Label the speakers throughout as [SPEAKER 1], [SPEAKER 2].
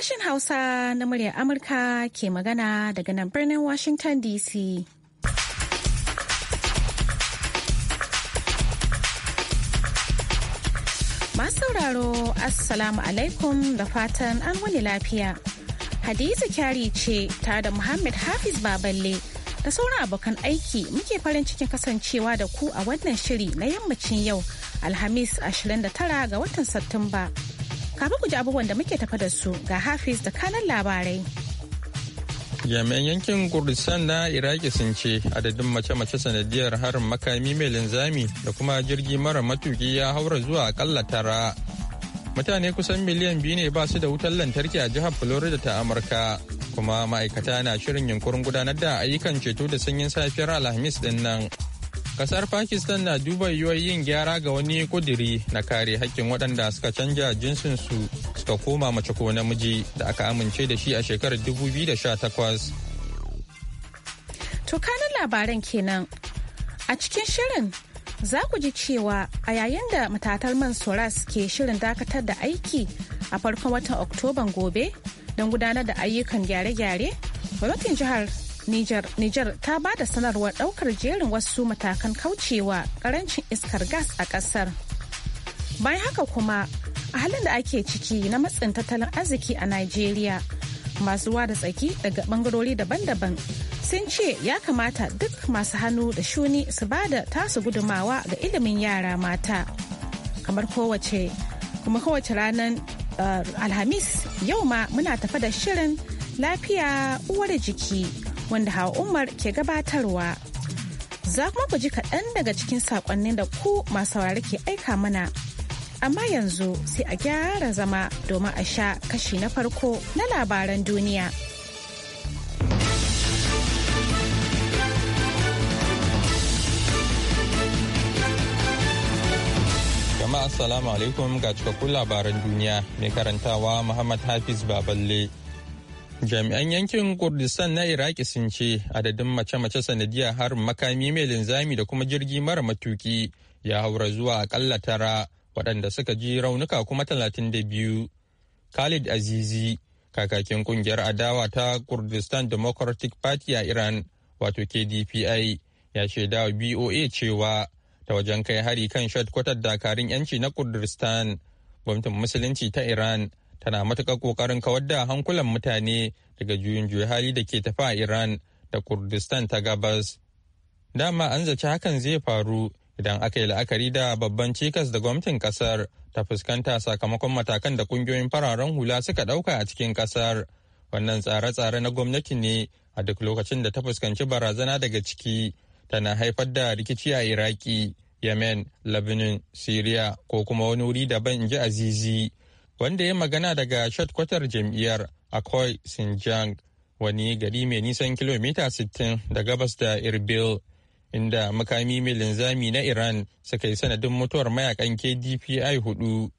[SPEAKER 1] Sashen Hausa na muryar Amurka ke magana daga nan birnin Washington DC. Masu sauraro, Assalamu alaikum da fatan an wani lafiya. Hadiza kyari ce tare da Muhammad Hafiz Baballe da sauran abokan aiki muke farin cikin kasancewa da ku a wannan shiri na yammacin yau Alhamis 29 ga watan Satumba. Kafin ku ji abubuwan da muke tafa da su ga Hafiz da kanan labarai.
[SPEAKER 2] Jami'an yankin Kurdistan na Iraki sun ce adadin mace-mace sanadiyar harin makami mai linzami da kuma jirgi mara matuki ya haura zuwa akalla tara. Mutane kusan miliyan biyu ne ba su da wutar lantarki a jihar Florida ta Amurka. Kuma ma'aikata na shirin yunkurin gudanar da ayyukan ceto da sanyin safiyar Alhamis din nan. Kasar Pakistan na duba yiwuwar yin gyara ga wani kudiri na kare hakkin waɗanda suka canja jinsinsu suka koma mace ko namiji da aka amince da shi a shekarar 2018.
[SPEAKER 1] Tukanin labaran kenan a cikin shirin za ku ji cewa a yayin da matatar man Soras ke shirin dakatar da aiki a farkon watan Oktoban gobe don gudanar da ayyukan gyare-gyare, gwamnatin jihar niger niger ta ba da sanarwar ɗaukar jerin wasu matakan kaucewa ƙarancin iskar gas a ƙasar. Bayan haka kuma, a halin da ake ciki na matsin tattalin arziki a nigeria masu da tsaki daga bangarori daban-daban sun ce ya kamata duk masu hannu da shuni su ba da tasu gudumawa ga ilimin yara mata. Kamar kowace, kuma kowace ranar eh, Alhamis yau ma muna tafa da shirin lafiya uwar jiki wanda hawa Umar ke gabatarwa. Za kuma ku ji kaɗan daga cikin saƙonnin da ku masu saurare ke aika mana. Amma yanzu sai a gyara zama domin a sha kashi na farko na labaran duniya.
[SPEAKER 2] Assalamu alaikum ga cikakkun labaran duniya mai karantawa Muhammad Hafiz Baballe. jami'an yankin kurdistan na iraki sun ce adadin mace-mace sanadiyar harin makami mai linzami da kuma jirgi mara matuki ya haura zuwa akalla tara waɗanda suka ji raunuka kuma talatin da biyu khalid azizi kakakin kungiyar adawa ta kurdistan democratic party a iran wato kdpi ya shaidawa boa cewa ta wajen kai hari kan shatkwatar dakarun yanci na kurdistan gwamnatin musulunci ta iran tana matuƙar ƙoƙarin kawar da hankulan mutane daga juyin juya hali da ke tafi a Iran da Kurdistan ta gabas. Dama an zaci hakan zai faru idan aka yi la'akari da babban cikas da gwamnatin ƙasar ta fuskanta sakamakon matakan da ƙungiyoyin fararen hula suka ɗauka a cikin ƙasar Wannan tsare-tsare na gwamnati ne a duk lokacin da ta fuskanci barazana daga ciki tana haifar da rikici a Iraki, Yemen, Lebanon, Syria ko kuma wani wuri daban in ji Azizi. wanda ya magana daga shatkwatar jam'iyyar akwai Sinjang, wani gari mai nisan kilomita 60 da gabas da Irbil, inda makami mai linzami na Iran suka yi sanadin mutuwar mayakan KDPI hudu.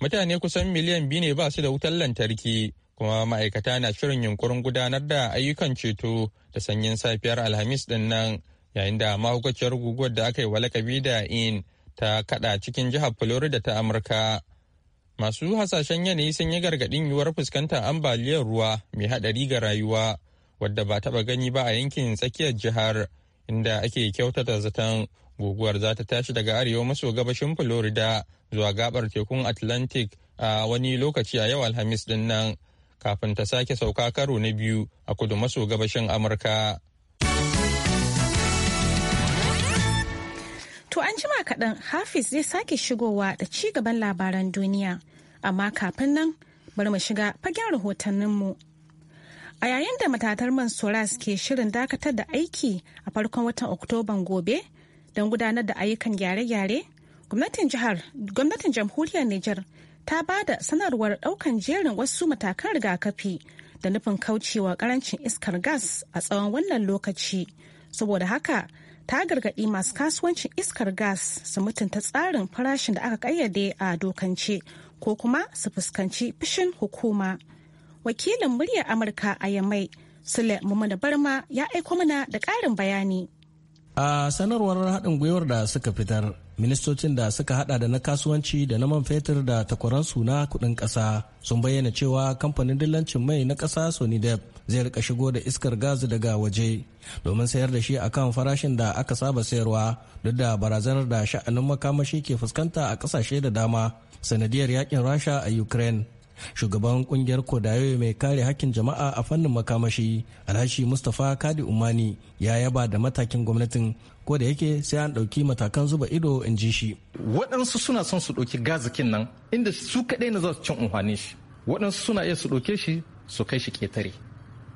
[SPEAKER 2] Mutane kusan miliyan biyu ne ba su da wutar lantarki, kuma ma'aikata na shirin yunkurin gudanar da ayyukan ceto da sanyin safiyar Alhamis din nan, yayin da mahukaciyar guguwar da aka yi wa da in ta kada cikin jihar Florida ta Amurka. Masu hasashen yanayi sun yi gargaɗin yiwuwar fuskantar ambaliyar ruwa mai haɗari ga rayuwa wadda ba taɓa gani ba a yankin tsakiyar jihar inda ake kyautata zaton guguwar za ta tashi daga arewa maso gabashin Florida zuwa gabar tekun Atlantic a wani lokaci a yau Alhamis din nan kafin ta sake sauka karo na biyu a kudu maso gabashin Amurka. To an
[SPEAKER 1] jima kaɗan Hafiz zai sake shigowa da ci gaban labaran duniya. amma kafin nan bari mu shiga fagen rahotanninmu. A yayin da matatar man Soras ke shirin dakatar da aiki a farkon watan Oktoban gobe don gudanar da ayyukan gyare-gyare, gwamnatin jihar, gwamnatin jamhuriyar Nijar ta ba da sanarwar daukan jerin wasu matakan rigakafi da nufin kaucewa karancin iskar gas a tsawon wannan lokaci. Saboda haka, ta gargaɗi masu kasuwancin iskar gas su mutunta tsarin farashin da aka kayyade a dokance ko kuma su fuskanci fishin hukuma. Wakilin muryar Amurka a Yamai, Sule Mumuna Barma ya aiko mana da ƙarin bayani.
[SPEAKER 3] A sanarwar haɗin gwiwar da suka fitar, ministocin da suka haɗa da na kasuwanci da na man fetur da takwaransu na kuɗin ƙasa sun bayyana cewa kamfanin dillancin mai na ƙasa Sonidep zai rika shigo da iskar gas daga waje domin sayar da shi akan farashin da aka saba sayarwa duk da barazanar da sha'anin makamashi ke fuskanta a ƙasashe da dama sanadiyar yakin rasha a ukraine shugaban kungiyar kodayo mai kare hakkin jama'a a fannin makamashi alhashi mustapha kadi umani ya yaba da matakin gwamnatin ko da yake sai an ɗauki matakan zuba ido in ji shi waɗansu suna son su ɗauki gazikin nan inda su kaɗai na za su cin umfani shi waɗansu suna iya su ɗauke shi su kai shi ƙetare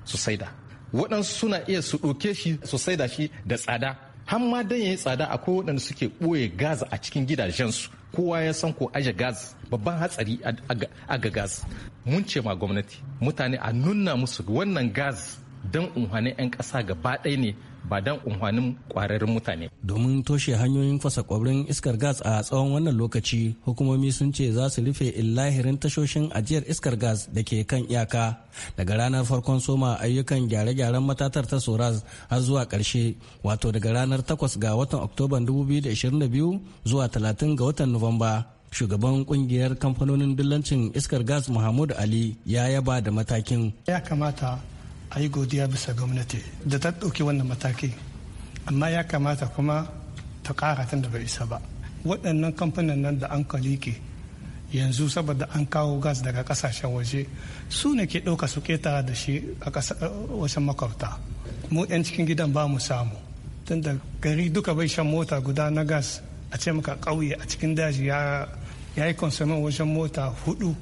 [SPEAKER 3] su saida waɗansu suna iya su ɗauke shi su saida shi da tsada har ma dan yayi tsada akwai waɗanda suke ɓoye gaza a cikin gidajensu kowa ya san ko aje gas babban hatsari a ga gas mun ce ma gwamnati mutane a nuna musu wannan gas don unhane 'yan ƙasa gaba ɗaya ne ba dan unhwanin kwararrun mutane. Domin toshe hanyoyin fasa kwabrin iskar gas a tsawon wannan lokaci hukumomi sun ce za su rufe illahirin tashoshin ajiyar iskar gas da ke kan iyaka daga ranar farkon soma ayyukan gyare-gyaren matatar ta Soraz har zuwa ƙarshe wato daga ranar 8 ga watan oktoba 2022 zuwa 30 ga watan Nuwamba. shugaban kungiyar kamfanonin dillancin iskar gas muhammadu ali ya yaba da matakin ya kamata a yi godiya bisa gwamnati da ta ɗauki wannan mataki amma ya kamata kuma ta ƙara tun da bai isa ba waɗannan kamfanin nan da an kalike yanzu saboda an kawo gas daga ƙasashen waje su ne ke ɗauka su keta da shi a wasan makwabta mu 'yan cikin gidan ba mu samu tun da gari duka bai shan mota guda na gas a ce maka ƙauye a cikin daji ya yi konsumin wajen mota hudu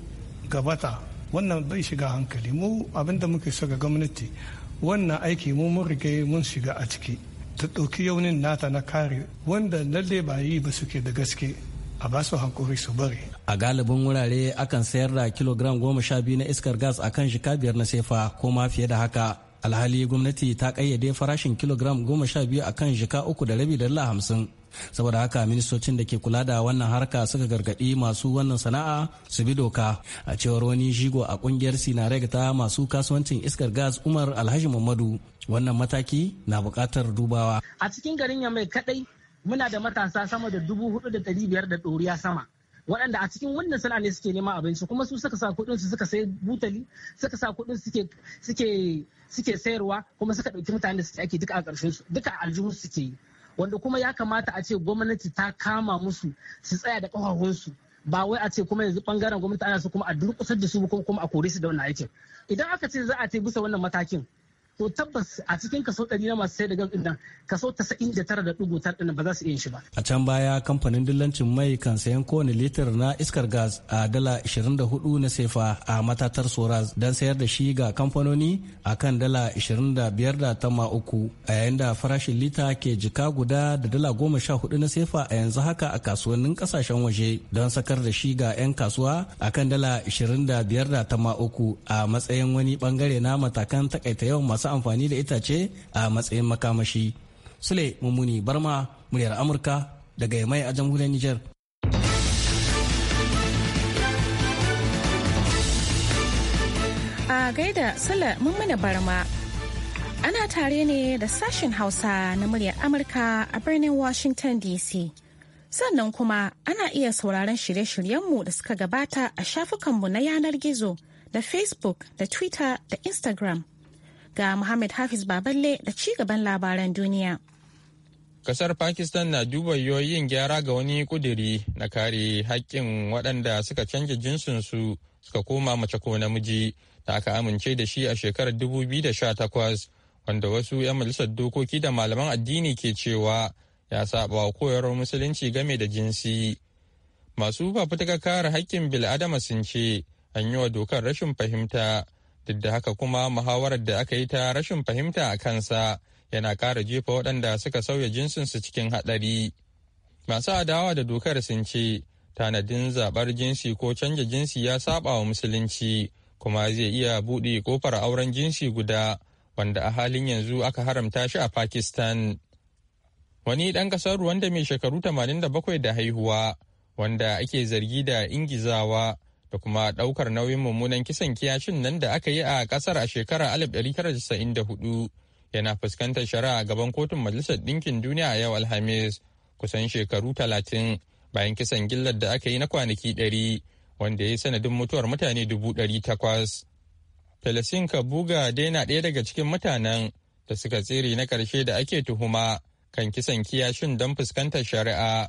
[SPEAKER 3] gabata wannan bai shiga hankali mu abinda muke so ga gwamnati wannan aiki mu mun rige mun shiga a ciki ta ɗauki yaunin nata na kare wanda lalle ba yi ba suke da gaske a ba su hankuri su bari a galibin wurare akan sayar da kilogram goma sha biyu na iskar gas a kan shika biyar na sefa ko ma fiye da haka alhali gwamnati ta kayyade farashin kilogram goma sha biyu a kan shika uku da rabi da dala hamsin saboda haka ministocin da ke kula da wannan harka suka gargaɗi masu wannan sana'a su bi doka a cewar wani shigo a kungiyar sinareg ta masu kasuwancin iskar gas umar alhaji muhammadu wannan mataki na bukatar dubawa a cikin garin yamai kadai muna da matasa sama da dubu hudu da ɗari biyar da ɗoriya sama waɗanda a cikin wannan sana'a ne suke neman abinci kuma su suka sa kuɗin su suka sai butali suka sa kuɗin suke suke suke sayarwa kuma suka ɗauki mutane da suke ake duka a ƙarshen su duka aljihu suke yi wanda kuma ya kamata a ce gwamnati ta kama musu su tsaya da kafafunsu ba wai a ce kuma yanzu bangaren gwamnati ana su kuma a durƙusar da su kuma a kore su da wannan aikin idan aka ce za a ce bisa wannan matakin to tabbas a cikin kaso 100 na masu sai da gas nan kaso 99.9 ɗin ba za su iya shi ba a can baya kamfanin dillancin mai kan sayan kowane litir na iskar gas a dala 24 na sefa a matatar soraz don sayar da shi ga kamfanoni a kan dala 25 da tama uku a yayin da farashin lita ke jika guda da dala 14 na sefa a yanzu haka a kasuwannin kasashen waje don sakar da shi ga 'yan kasuwa a kan dala 25 da tama uku a matsayin wani bangare na matakan takaita yawan masu masu amfani da itace a matsayin makamashi. Sule Mummuni Barma, muryar Amurka daga Yamai a jamhuriyar Nijar.
[SPEAKER 1] A gaida Sule Mummuni Barma, ana tare ne da sashen Hausa na muryar Amurka a birnin Washington DC. Sannan kuma ana iya sauraron shirye-shiryenmu da suka gabata a shafukanmu na yanar gizo da Facebook da Twitter da Instagram. ga Muhammad Hafiz Baballe da ci gaban labaran duniya.
[SPEAKER 2] Kasar Pakistan na duba yoyin gyara ga wani kuduri na kare hakkin waɗanda suka canja jinsinsu suka koma mace ko namiji da aka amince da shi a shekarar 2018 wanda wasu 'yan majalisar dokoki da malaman addini ke cewa ya saba wa koyarwar musulunci game da jinsi. Masu fafutukar kare haƙƙin bil'adama sun ce an yi wa dokar rashin fahimta duk da haka kuma muhawarar da aka yi ta rashin fahimta a kansa yana ƙara jefa waɗanda suka sauya jinsinsu cikin haɗari masu adawa da dokar sun ce tanadin zaɓar jinsi ko canja jinsi ya saba wa musulunci kuma zai iya buɗe kofar auren jinsi guda wanda a halin yanzu aka haramta shi a pakistan wani ɗan ƙasar ruwanda mai shekaru 87 da haihuwa wanda ake zargi da ingizawa da kuma ɗaukar nauyin mummunan kisan kiyashin nan da aka yi a ƙasar a shekarar 1994 yana fuskantar shari'a gaban kotun majalisar ɗinkin duniya a yau alhamis kusan shekaru talatin bayan kisan gillar da aka yi na kwanaki ɗari wanda ya yi sanadin mutuwar mutane dubu ɗari takwas. Felisin Kabuga dai na ɗaya daga cikin mutanen da suka tsere na ƙarshe da ake tuhuma kan kisan kiyashin don fuskantar shari'a.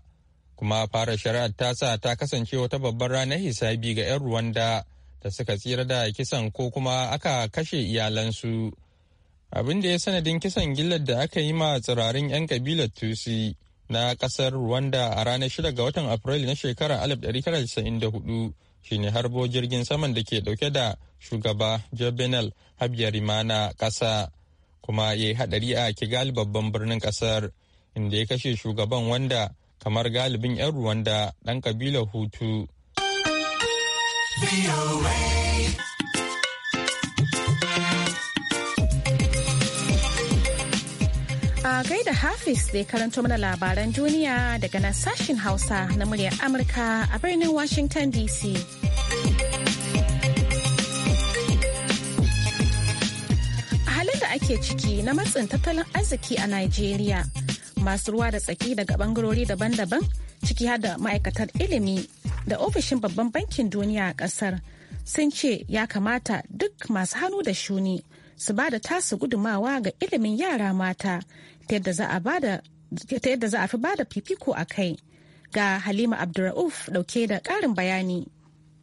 [SPEAKER 2] kuma fara shari'ar ta sa ta kasance wata babbar ranar hisabi ga 'yan ruwanda da suka tsira da kisan ko kuma aka kashe iyalansu abin da ya sanadin kisan gillar da aka yi ma tsirarin 'yan kabilar tusi na kasar ruwanda a ranar 6 ga watan afrilu na shekarar 1994 shine harbo jirgin saman da ke dauke da shugaba jovenel habyarimana kasa kuma ya yi hadari a kigali babban birnin kasar inda ya kashe shugaban wanda kamar galibin 'yan ruwan da ɗan kabilar Hutu.
[SPEAKER 1] A gaida Hafiz zai karanto mana labaran duniya daga nan sashen Hausa na muryar Amurka a birnin Washington DC. A halin da ake ciki na matsin tattalin arziki a nigeria. masu ruwa da tsaki daga bangarori daban-daban ciki har da ma'aikatar ilimi da ofishin babban bankin duniya a kasar sun ce ya kamata duk masu hannu da shuni su ba da tasu gudumawa ga ilimin yara mata ta yadda za a fi ba da fifiko a kai ga halima abdurrauf dauke da karin bayani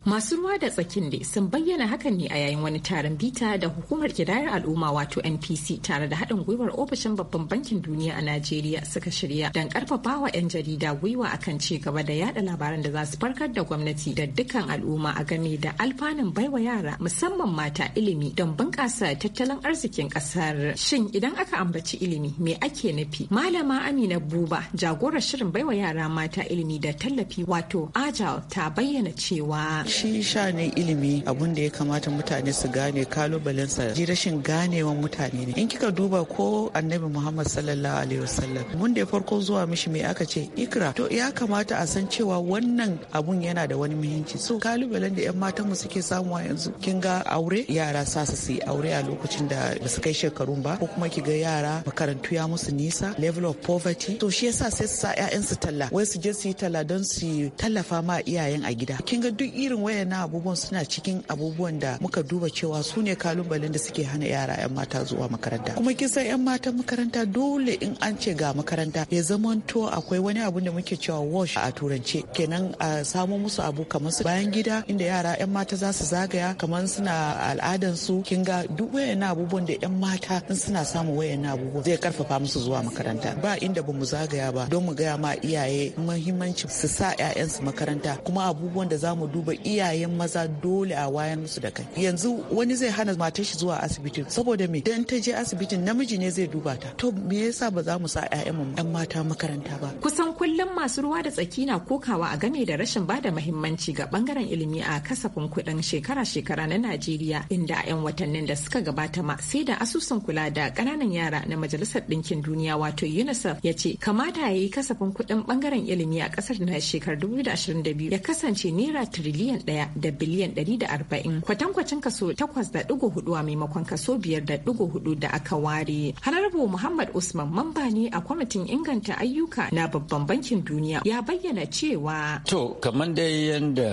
[SPEAKER 1] Masu ruwa da tsakin dai sun
[SPEAKER 4] bayyana hakan ne a yayin wani taron bita da hukumar kidayar al'umma wato NPC tare da haɗin gwiwar ofishin babban bankin duniya a Najeriya suka shirya don karfafa wa 'yan jarida gwiwa akan ci gaba da yada labaran da za su farkar da gwamnati da dukkan al'umma a game da alfanun baiwa yara musamman mata ilimi don bunƙasa tattalin arzikin ƙasar. Shin idan aka ambaci ilimi me ake nufi? Malama Amina Buba jagorar shirin baiwa yara mata ilimi da tallafi wato Agile ta bayyana cewa shi
[SPEAKER 5] sha ne ilimi abun da ya kamata mutane su gane kalubalensa ji rashin ganewan mutane ne in kika duba ko annabi muhammad sallallahu alaihi wasallam mun da farko zuwa mishi me aka ce ikra to ya kamata a san cewa wannan abun yana da wani muhimmanci so kalubalen da yan matan mu suke samu yanzu kin ga aure yara sa su yi aure a lokacin da ba su kai shekarun ba ko kuma ki ga yara makarantu ya musu nisa level of poverty to shi yasa sai su sa su talla wai su je su yi talla don su tallafa ma iyayen a gida kin ga duk irin irin na abubuwan suna cikin abubuwan da muka duba cewa su ne kalubalen da suke hana yara 'yan mata zuwa makaranta kuma kisa 'yan matan makaranta dole in an ce ga makaranta ya zamanto akwai wani abu da muke cewa wash a turance kenan a samo musu abu kamar su bayan gida inda yara 'yan mata za su zagaya kamar suna al'adan su kin ga duk na abubuwan da 'yan mata in suna samun na abubuwan zai karfafa musu zuwa makaranta ba inda mu zagaya ba don mu gaya ma iyaye muhimmanci su sa 'ya'yansu makaranta kuma abubuwan da za mu duba iyayen maza dole a wayan musu da kai yanzu wani zai hana matar shi zuwa asibiti saboda me dan ta je asibitin namiji ne zai duba ta to me yasa ba za mu sa mu. Yan mata makaranta ba kusan
[SPEAKER 4] kullum masu ruwa da tsaki na kokawa a game da rashin bada muhimmanci ga bangaren ilimi a kasafin kuɗin shekara-shekara na Najeriya inda a 'yan watannin da suka gabata ma sai da asusun kula da ƙananan yara na Majalisar Ɗinkin Duniya wato UNICEF ya ce kamata ya yi kasafin kuɗin bangaren ilimi a ƙasar na shekarar 2022 ya kasance naira tiriliyan daya da biliyan ɗari da arba'in kwatankwacin kaso takwas da hudu a maimakon kaso biyar da hudu da aka ware. Hararbo Muhammad Usman mamba ne a kwamitin inganta ayyuka na babban bankin duniya ya bayyana cewa.
[SPEAKER 6] To kamar dai yadda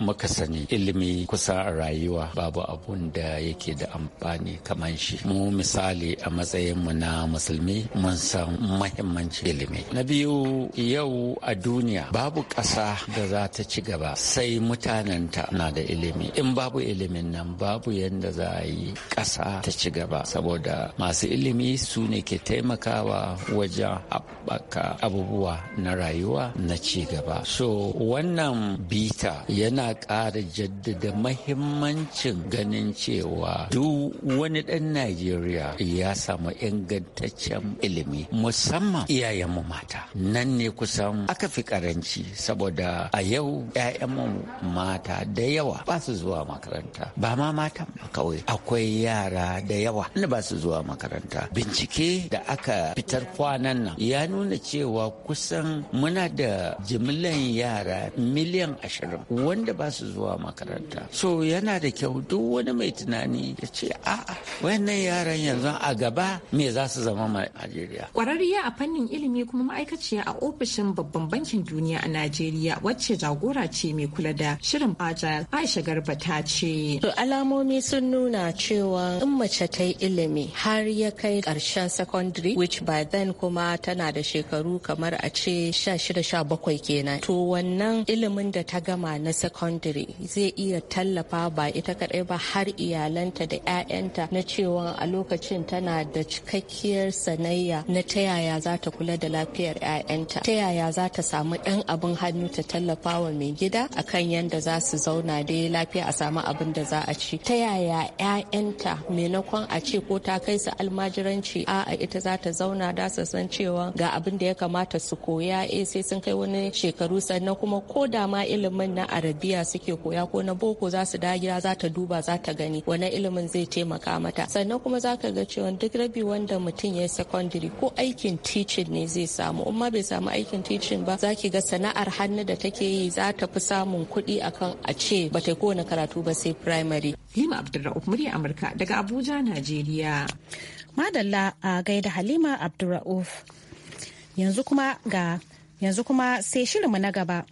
[SPEAKER 6] muka sani ilimi kusa a rayuwa babu abun da yake da amfani kamar shi. Mu misali a matsayin mu na musulmi mun san mahimmanci ilimi. Na biyu yau a duniya babu ƙasa da za ta ci gaba sai mutane mutanenta na da ilimi in babu ilimin nan babu yadda za a yi ƙasa ta ci gaba saboda masu ilimi su ne ke taimakawa wajen haɓaka abubuwa na rayuwa na ci gaba so wannan bita yana ƙara jaddada mahimmancin ganin cewa duk wani ɗan najeriya ya samu ingantaccen ilimi musamman iyayenmu mata nan ne kusan aka fi karanci saboda a yau 'ya'yanmu mata da yawa ba su zuwa makaranta ba ma matan kawai akwai yara da yawa da ba su zuwa makaranta bincike da aka fitar kwanan nan ya nuna cewa kusan muna da jimillan yara miliyan ashirin wanda ba su zuwa makaranta so yana da kyau duk wani mai tunani ya ce a'a Wannan yaran yanzu a gaba me za su zama ma Najeriya
[SPEAKER 4] kwararriya a fannin ilimi kuma ma'aikaciya a ofishin babban bankin duniya a Najeriya wacce jagora ce mai kula da shirin agile aisha garba ta ce
[SPEAKER 7] to alamomi sun nuna cewa in mace ta yi ilimi har ya kai karshen secondary which by then kuma tana da shekaru kamar a ce 16 bakwai kenan to wannan ilimin da ta gama na secondary zai iya tallafa ba ita kadai ba har iyalanta da 'ya'yanta na cewa a lokacin tana da cikakkiyar sanayya na ta yaya za ta kula da lafiyar 'ya'yanta ta yaya za ta samu ɗan abin hannu ta tallafa wa mai gida akan yadda da za su zauna dai lafiya a samu abin da za a ci ta yaya 'ya'yanta maimakon a ce ko ta kai su almajiranci a ita za ta zauna da su san cewa ga abin da ya kamata su koya e sai sun kai wani shekaru sannan kuma ko da ma ilimin na arabiya suke koya ko na boko za su dagira za ta duba za ta gani wani ilimin zai taimaka mata sannan kuma za ka ga cewa duk rabi wanda mutum ya yi secondary ko aikin teaching ne zai samu in bai samu aikin teaching ba za ki ga sana'ar hannu da take yi za ta fi samun kuɗi akan a ce ba ta kowane karatu ba sai primary. Halima Abdulra'uf murya Amurka daga Abuja, Najeriya. Madalla a
[SPEAKER 1] gaida Halima Abdulra'uf. Yanzu kuma ga yanzu kuma sai shirinmu na gaba.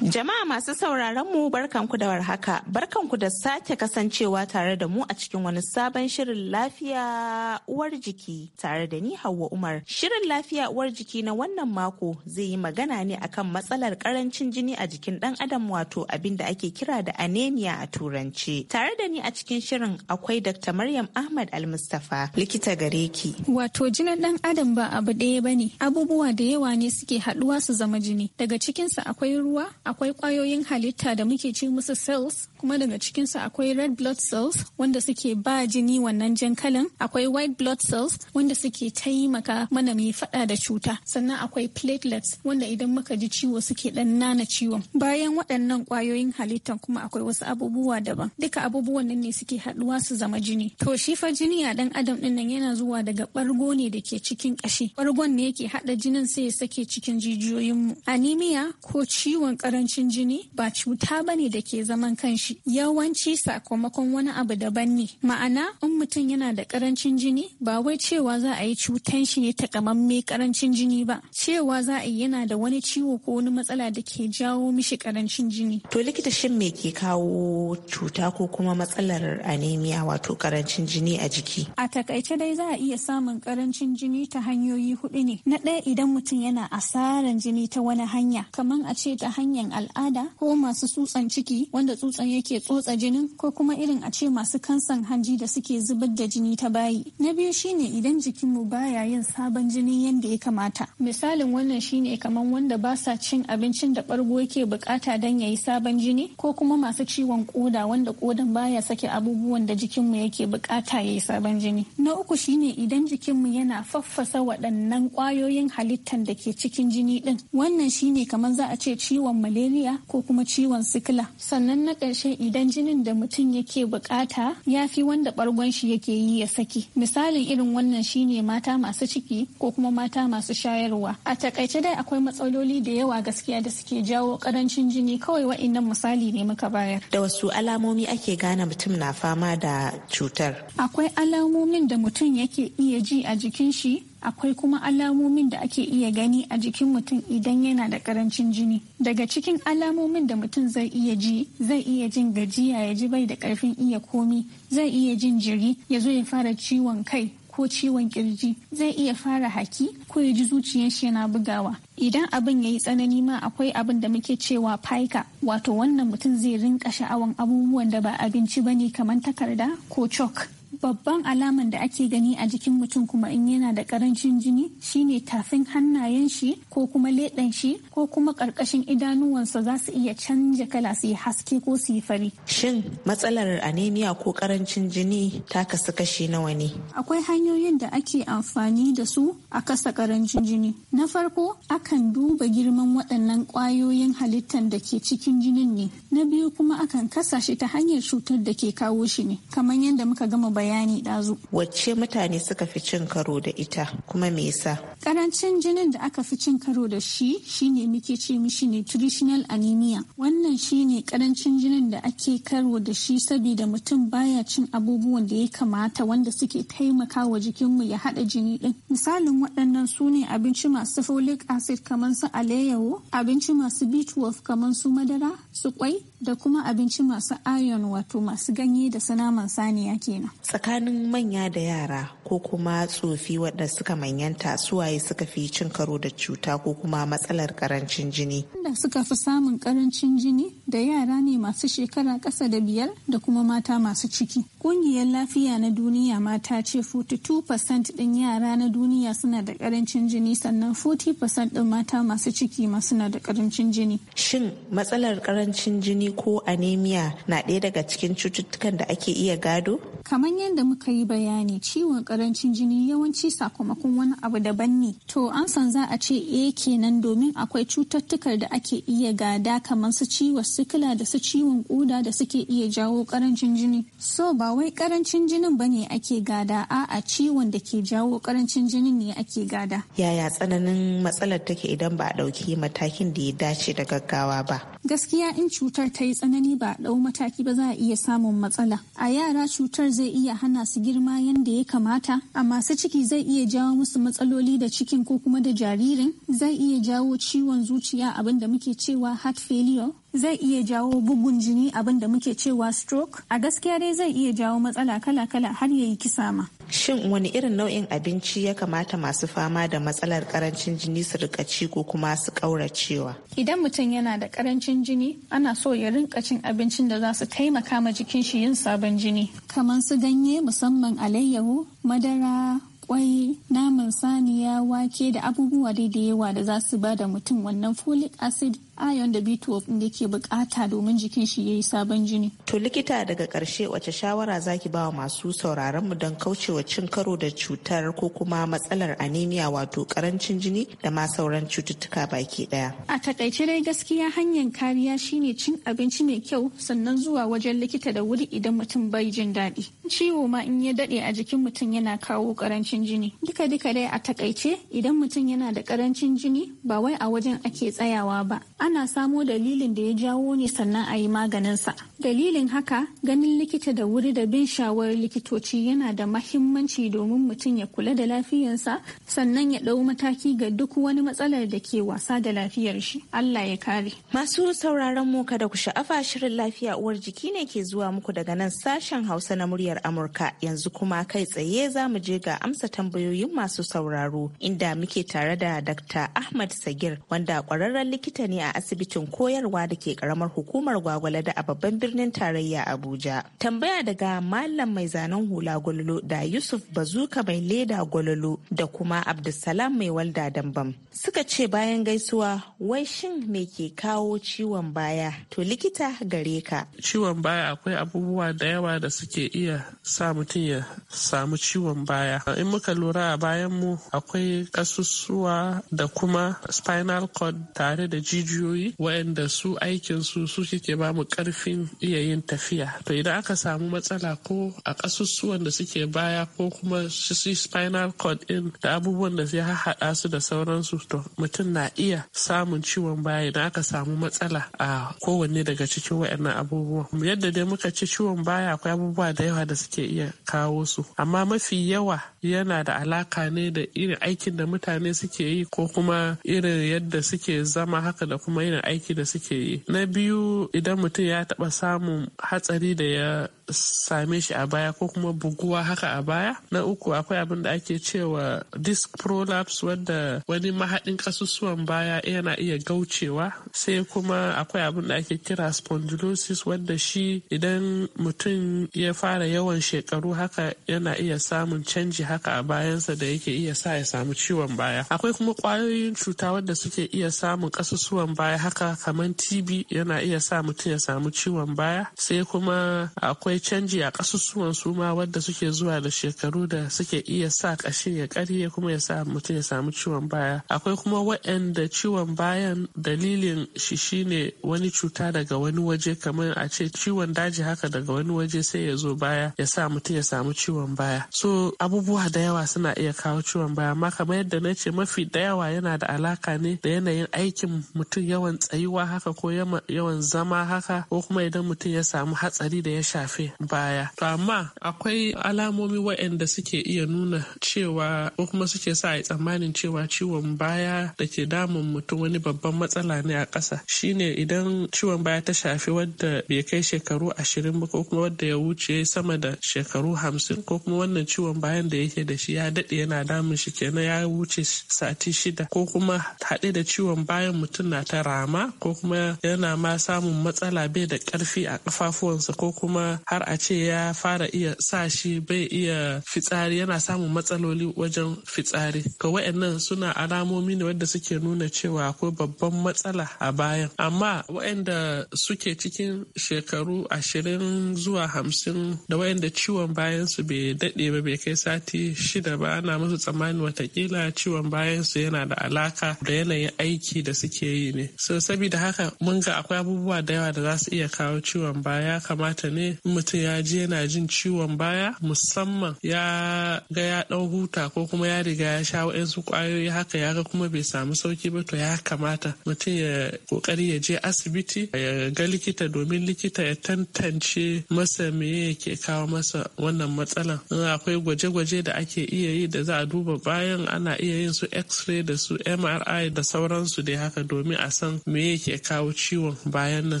[SPEAKER 8] Jama'a masu sauraron mu barkanku da warhaka, barkanku da sake kasancewa tare da mu a cikin wani sabon shirin lafiya uwar jiki tare da ni Hauwa Umar. Shirin lafiya uwar jiki na wannan mako zai yi magana ne akan matsalar karancin jini a jikin dan adam wato abin da ake kira da anemia a turanci. Tare da ni a cikin shirin akwai Dr. Maryam Ahmad Al-Mustafa, likita gare ki.
[SPEAKER 9] Wato jinin dan adam ba abu ɗaya bane, abubuwa da yawa ne suke haɗuwa su zama jini. Daga cikinsa akwai ruwa, akwai kwayoyin halitta da muke ci musu cells kuma daga cikinsu akwai red blood cells wanda suke ba jini wannan jan kalan akwai white blood cells wanda suke taimaka mana mai fada da cuta sannan akwai platelets wanda idan muka ji ciwo suke dan nana ciwon bayan waɗannan kwayoyin halittan kuma akwai wasu abubuwa daban duka abubuwan nan ne suke haɗuwa su zama jini to shi fa jini a dan adam din nan yana zuwa daga ɓargo ne da ke cikin ƙashi bargon ne yake haɗa jinin sai ya sake cikin jijiyoyinmu anemia ko ciwon ƙarancin karancin jini ba cuta ba ne da ke zaman kanshi yawanci sakamakon wani abu daban ne ma'ana in mutum yana da karancin jini ba wai cewa za a yi cutan shi ne ta takamamme karancin jini ba cewa za a yi yana da wani ciwo ko wani matsala da ke jawo mishi
[SPEAKER 8] karancin jini to likita shin me ke kawo cuta ko kuma matsalar anemia wato karancin jini a jiki
[SPEAKER 9] a takaice dai za a iya samun karancin jini ta hanyoyi hudu ne na ɗaya idan mutum yana asaran jini ta wani hanya kamar a ce ta hanyar al'ada ko masu tsutsan ciki wanda tsutsan yake tsotsa jinin ko kuma irin a ce masu kansan hanji da suke zubar da jini ta bayi. Na biyu shine idan jikinmu baya yin sabon jini yadda ya kamata. Misalin wannan shine kamar wanda ba sa cin abincin da bargo yake bukata don ya yi sabon jini ko kuma masu ciwon koda wanda kodan baya sake abubuwan da jikinmu yake bukata ya yi sabon jini. Na uku shine idan jikinmu yana faffasa waɗannan kwayoyin halittan da ke cikin jini ɗin Wannan shine kamar za a ce ciwon malaria malaria ko kuma ciwon sikila sannan na ƙarshe idan jinin da mutum yake bukata ya fi wanda bargon shi yake yi ya saki misalin irin wannan shine mata masu ciki ko kuma mata masu shayarwa a takaice dai akwai matsaloli da yawa gaskiya da suke jawo karancin jini kawai wa'innan misali ne muka bayar
[SPEAKER 8] da wasu alamomi ake gane mutum na fama da cutar
[SPEAKER 9] akwai alamomin da mutum yake iya ji a jikin shi akwai kuma alamomin da ake iya gani a jikin mutum idan yana da karancin jini daga cikin alamomin da mutum zai iya ji zai iya jin gajiya ya ji bai da karfin iya komi zai iya jin jiri ya zo ya fara ciwon kai ko ciwon kirji zai iya fara haki ko ya ji zuciyar shi yana bugawa idan abin ya yi tsanani ma akwai abin da muke cewa paika wato wannan mutum zai rinka sha'awan abubuwan da ba abinci ba ne kamar takarda ko chalk babban alaman da ake gani a jikin mutum kuma in yana da karancin jini shine tafin hannayen shi ko kuma leɗen shi ko kuma ƙarƙashin idanuwansa za su iya canja kala su yi haske ko su yi fari. Shin
[SPEAKER 8] matsalar anemia ko ƙarancin jini ta kasu kashi nawa ne?
[SPEAKER 9] Akwai hanyoyin da ake amfani da su a kasa ƙarancin jini. Na farko akan duba girman waɗannan ƙwayoyin halittan da ke cikin jinin ne. Na biyu kuma akan kasa shi ta hanyar cutar da ke kawo shi ne. Kamar yadda muka
[SPEAKER 8] gama bayani bayani ɗazu. Wacce mutane suka fi cin karo da ita kuma me yasa?
[SPEAKER 9] Karancin jinin da aka fi cin karo da shi shine muke ce mishi nutritional anemia. Wannan shine karancin jinin da ake karo da shi saboda mutum baya cin abubuwan da ya kamata wanda suke taimaka wa jikinmu ya haɗa jini ɗin. Misalin waɗannan su ne abinci masu folic acid kamar su alayyawo, abinci masu B12 kamar su madara, su kwai da kuma abinci masu ayon wato masu ganye da sanaman saniya kenan.
[SPEAKER 8] Tsakanin manya da yara ko kuma tsofi wadda suka manyanta suwaye suka fi cin karo da cuta ko kuma matsalar karancin jini.
[SPEAKER 9] Da suka fi samun karancin jini da yara ne masu shekara ƙasa da biyar da kuma mata masu ciki. Ƙungiyar lafiya na duniya mata ce 42% din yara na duniya suna da karancin jini sannan 40% din mata masu ciki ma suna da karancin jini. Shin
[SPEAKER 8] matsalar karancin jini ko anemia na ɗaya daga cikin cututtukan da ake iya gado? Kamar
[SPEAKER 9] yadda muka yi bayani ciwon karancin jini yawanci sakamakon wani abu daban ne. To an san za a ce eh kenan domin akwai cututtukan da ake iya gada kamar su ciwon sikila da su ciwon ƙuda da suke iya jawo karancin jini. So ba wai karancin jinin bane ake gada a'a ciwon da ke jawo karancin jinin ne ake gada.
[SPEAKER 8] Yaya tsananin matsalar take idan ba a ɗauki matakin da ya dace da gaggawa ba?
[SPEAKER 9] Gaskiya in cutar ta yi tsanani ba ɗau mataki ba za a iya samun matsala. A yara cutar zai iya hana su girma yadda ya kamata, a masu ciki zai iya jawo musu matsaloli da cikin ko kuma da jaririn, zai iya jawo ciwon zuciya abin da muke cewa heart failure, zai iya jawo bugun jini abin da muke cewa stroke a gaskiya dai zai iya jawo matsala kala-kala har yayi kisa ma.
[SPEAKER 8] shin wani irin nau'in abinci ya kamata masu fama da matsalar karancin jini su rika ci ko kuma su kauracewa
[SPEAKER 9] idan mutum yana da karancin jini ana so ya rinka cin abincin da za su taimaka ma jikin shi yin sabon jini kamar su ganye musamman alayyahu madara kwai naman saniya wake da abubuwa da yawa da za su ba da mutum wannan folic acid ayon da B12 din yake bukata domin jikin shi ya yi sabon jini.
[SPEAKER 8] To likita daga karshe wace shawara zaki ba wa masu sauraron mu don kaucewa cin karo da cutar ko kuma matsalar anemia wato karancin jini da ma sauran cututtuka baki daya.
[SPEAKER 9] A takaice dai gaskiya hanyar kariya shine cin abinci mai kyau sannan zuwa wajen likita da wuri idan mutum bai jin daɗi. Ciwo ma in ya daɗe a jikin mutum yana kawo karancin jini. Duka duka dai a takaice idan mutum yana da karancin jini ba wai a wajen ake tsayawa ba. ana samo dalilin da ya jawo ne sannan a yi maganinsa. Dalilin haka ganin likita da wuri da bin shawarar likitoci yana da mahimmanci domin mutum ya kula da lafiyarsa sannan ya ɗau mataki ga duk wani matsalar da ke wasa da lafiyar shi. Allah ya kare.
[SPEAKER 8] Masu sauraron mu kada ku sha'afa shirin lafiya uwar jiki ne ke zuwa muku daga nan sashen Hausa na muryar Amurka yanzu kuma kai tsaye za mu je ga amsa tambayoyin masu sauraro inda muke tare da Dr. Ahmad Sagir wanda ƙwararren likita ne a asibitin koyarwa da ke karamar hukumar gwagwalada a babban birnin tarayya Abuja. Tambaya daga Malam mai zanen hula gwalolo da Yusuf Bazuka mai leda gwalolo da kuma Abdulsalam mai walda dambam. Suka ce bayan gaisuwa wai shin me ke kawo ciwon baya? To likita gare ka.
[SPEAKER 10] Ciwon baya akwai abubuwa da yawa da suke iya sa mutum ya samu ciwon baya. In muka lura a bayan mu akwai ƙasusuwa da kuma spinal cord tare da jijiyo. ƙungiyoyi wayanda su aikinsu su su ke ba mu karfin iya yin tafiya to idan aka samu matsala ko a kasussuwan da suke baya ko kuma shi spinal cord in da abubuwan da ya haɗa su da sauransu to mutum na iya samun ciwon baya idan aka samu matsala a kowanne daga cikin wayannan abubuwan yadda dai muka ci ciwon baya akwai abubuwa da yawa da suke iya kawo su amma mafi yawa yana da alaka ne da irin aikin da mutane suke yi ko kuma irin yadda suke zama haka da kuma irin aiki da suke yi na biyu idan mutum ya taba samun hatsari da ya same shi a baya ko kuma buguwa haka a baya na uku akwai abin da ake cewa disk prolapse wadda wani mahaɗin kasusuwan baya yana iya gaucewa sai kuma akwai abin da ake kira spondylosis wadda shi idan mutum ya fara yawan shekaru haka yana iya samun canji haka a bayansa da yake iya sa ya samu ciwon baya akwai kuma kwayoyin cuta wadda suke iya samun kasusuwan baya haka kamar tb yana iya sa mutum ya samu ciwon baya sai kuma akwai canji a kasusuwan suma ma wadda suke zuwa da shekaru da suke iya sa kashin ya karye kuma ya sa mutum ya samu ciwon baya akwai kuma waɗanda ciwon bayan dalilin shi shine wani cuta daga wani waje kamar a ce ciwon daji haka daga wani waje sai ya zo baya ya sa mutum ya samu ciwon baya so abubuwa abubuwa da yawa suna iya kawo ciwon baya amma kamar yadda na ce mafi da yawa yana da alaka ne da yanayin aikin mutum yawan tsayuwa haka ko yawan zama haka ko kuma idan mutum ya samu hatsari da ya shafe baya to amma akwai alamomi waɗanda suke iya nuna cewa ko kuma suke sa a yi tsammanin cewa ciwon baya da ke damun mutum wani babban matsala ne a ƙasa shine idan ciwon baya ta shafi wadda bai kai shekaru ashirin ba ko kuma wadda ya wuce sama da shekaru hamsin ko kuma wannan ciwon bayan da ya yake da shi ya daɗe yana damun shi kenan ya wuce sati shida ko kuma haɗe da ciwon bayan mutum na ta rama ko kuma yana ma samun matsala bai da ƙarfi a ƙafafuwansa ko kuma har a ce ya fara iya sa shi bai iya fitsari yana samun matsaloli wajen fitsari ga wayannan suna alamomi ne wadda suke nuna cewa akwai babban matsala a bayan amma wayanda suke cikin shekaru ashirin zuwa hamsin da wayanda ciwon bayan su bai daɗe ba bai kai sati shida ba ana musu tsammanin watakila ciwon bayansu yana da alaka da yanayin aiki da suke yi ne so saboda haka mun ga akwai abubuwa da yawa da za su iya kawo ciwon baya kamata ne mutum ya ji yana jin ciwon baya musamman ya ga ya dau huta ko kuma ya riga ya sha wa'insu kwayoyi haka ya ga kuma bai samu sauki ba to ya kamata mutum ya kokari ya je asibiti ya ga likita domin likita ya tantance masa me yake kawo masa wannan matsalan akwai gwaje-gwaje da da ake iya yi da za a duba bayan ana iya yin su x-ray da su mri da sauransu dai haka domin a san me yake kawo ciwon bayan nan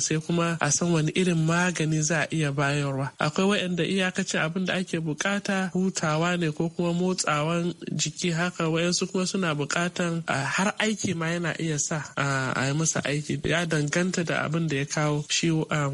[SPEAKER 10] sai kuma a san wani irin magani za a iya bayarwa akwai waɗanda iyakacin abin da ake bukata hutawa ne ko kuma motsawan jiki haka wayansu kuma suna bukatan har aiki ma yana iya sa a yi masa aiki ya danganta da abin da ya kawo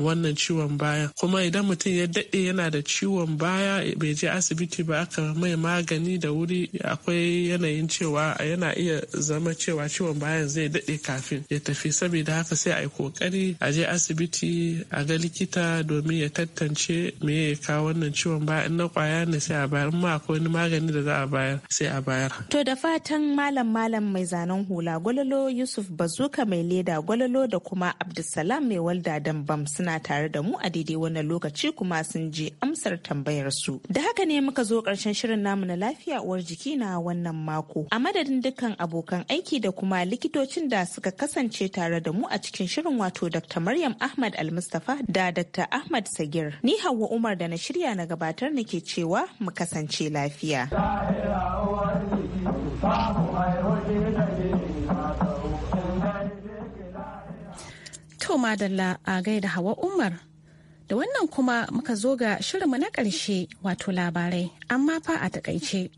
[SPEAKER 10] wannan ciwon baya kuma idan mutum ya daɗe yana da ciwon baya bai je asibiti ba aka mai magani da wuri akwai yanayin cewa yana iya zama cewa ciwon bayan zai daɗe kafin ya tafi saboda haka sai a yi kokari a je asibiti a ga likita domin ya tantance me ya kawo wannan ciwon bayan na kwaya ne sai a bayar ma akwai wani magani da za a bayar sai a bayar.
[SPEAKER 8] To da fatan malam malam mai zanen hula gwalolo Yusuf Bazuka mai leda gwalolo da kuma Abdulsalam mai walda dambam suna tare da mu a daidai wannan lokaci kuma sun je amsar tambayar su. Da haka ne muka zo ƙarshen shirin namu na lafiya uwar jiki na wannan mako. A madadin dukkan abokan aiki da kuma likitocin da suka kasance tare da mu a cikin shirin wato Dr. Maryam Ahmad Almustafa da Dr. Ahmad Sagir. Ni Hauwa Umar da na shirya na gabatar nake cewa mu kasance lafiya. To madalla a
[SPEAKER 1] gaida Hawa Umar Da wannan kuma muka zo ga shirinmu na ƙarshe wato labarai, amma fa a takaice.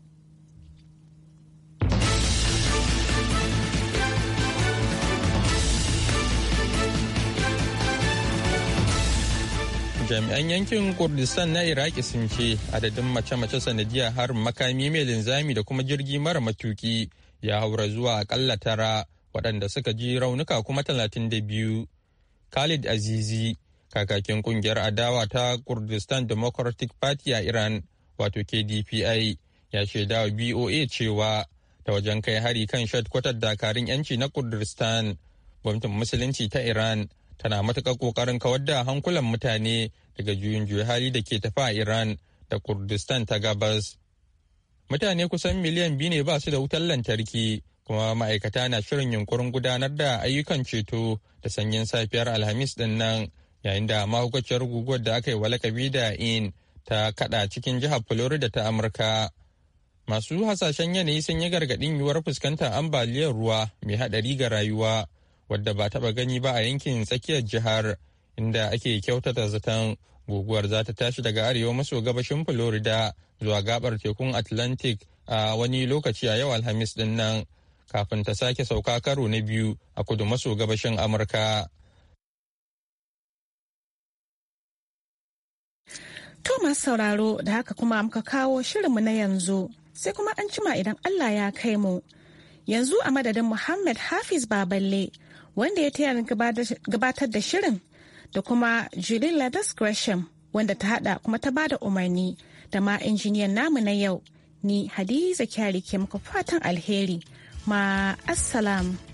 [SPEAKER 2] jami'an yankin kurdistan na iraki sun ce adadin mace-mace sanadiyar harin makami mai linzami da kuma jirgi mara matuki ya haura zuwa akalla tara waɗanda suka ji raunuka kuma talatin da biyu khalid azizi kakakin kungiyar adawa ta kurdistan democratic party a iran wato kdpi ya shaida wa boa cewa ta wajen kai hari kan kwatar dakarun yanci na kurdistan gwamnatin musulunci ta iran tana matuƙar ƙoƙarin kawar da hankulan mutane daga juyin juya hali da ke tafa a iran da kurdistan ta gabas mutane kusan miliyan biyu ne ba su da wutar lantarki kuma ma'aikata na shirin yunkurin gudanar da ayyukan ceto da sanyin safiyar alhamis din nan yayin da mahaukaciyar guguwar da aka yi wa lakabi da in ta kada cikin jihar florida ta amurka masu hasashen yanayi sun yi gargadin yiwuwar fuskantar ambaliyar ruwa mai hadari ga rayuwa wadda ba taɓa gani ba a yankin tsakiyar jihar inda ake kyautata zaton guguwar za ta tashi daga arewa maso gabashin florida zuwa gabar tekun atlantic a wani lokaci a yau alhamis din nan kafin ta sake sauka karo na biyu a kudu maso gabashin amurka
[SPEAKER 1] To masu sauraro da haka kuma muka kawo shirinmu na yanzu sai kuma an cima idan Allah ya kai mu. Yanzu a madadin Muhammad Hafiz Baballe wanda ya taya gabatar da shirin da kuma Julie Ladas Gresham wanda ta hada kuma ta bada umarni da ma injiniyan namu na yau ni Hadiza Kyari ke muku fatan alheri ma assalamu.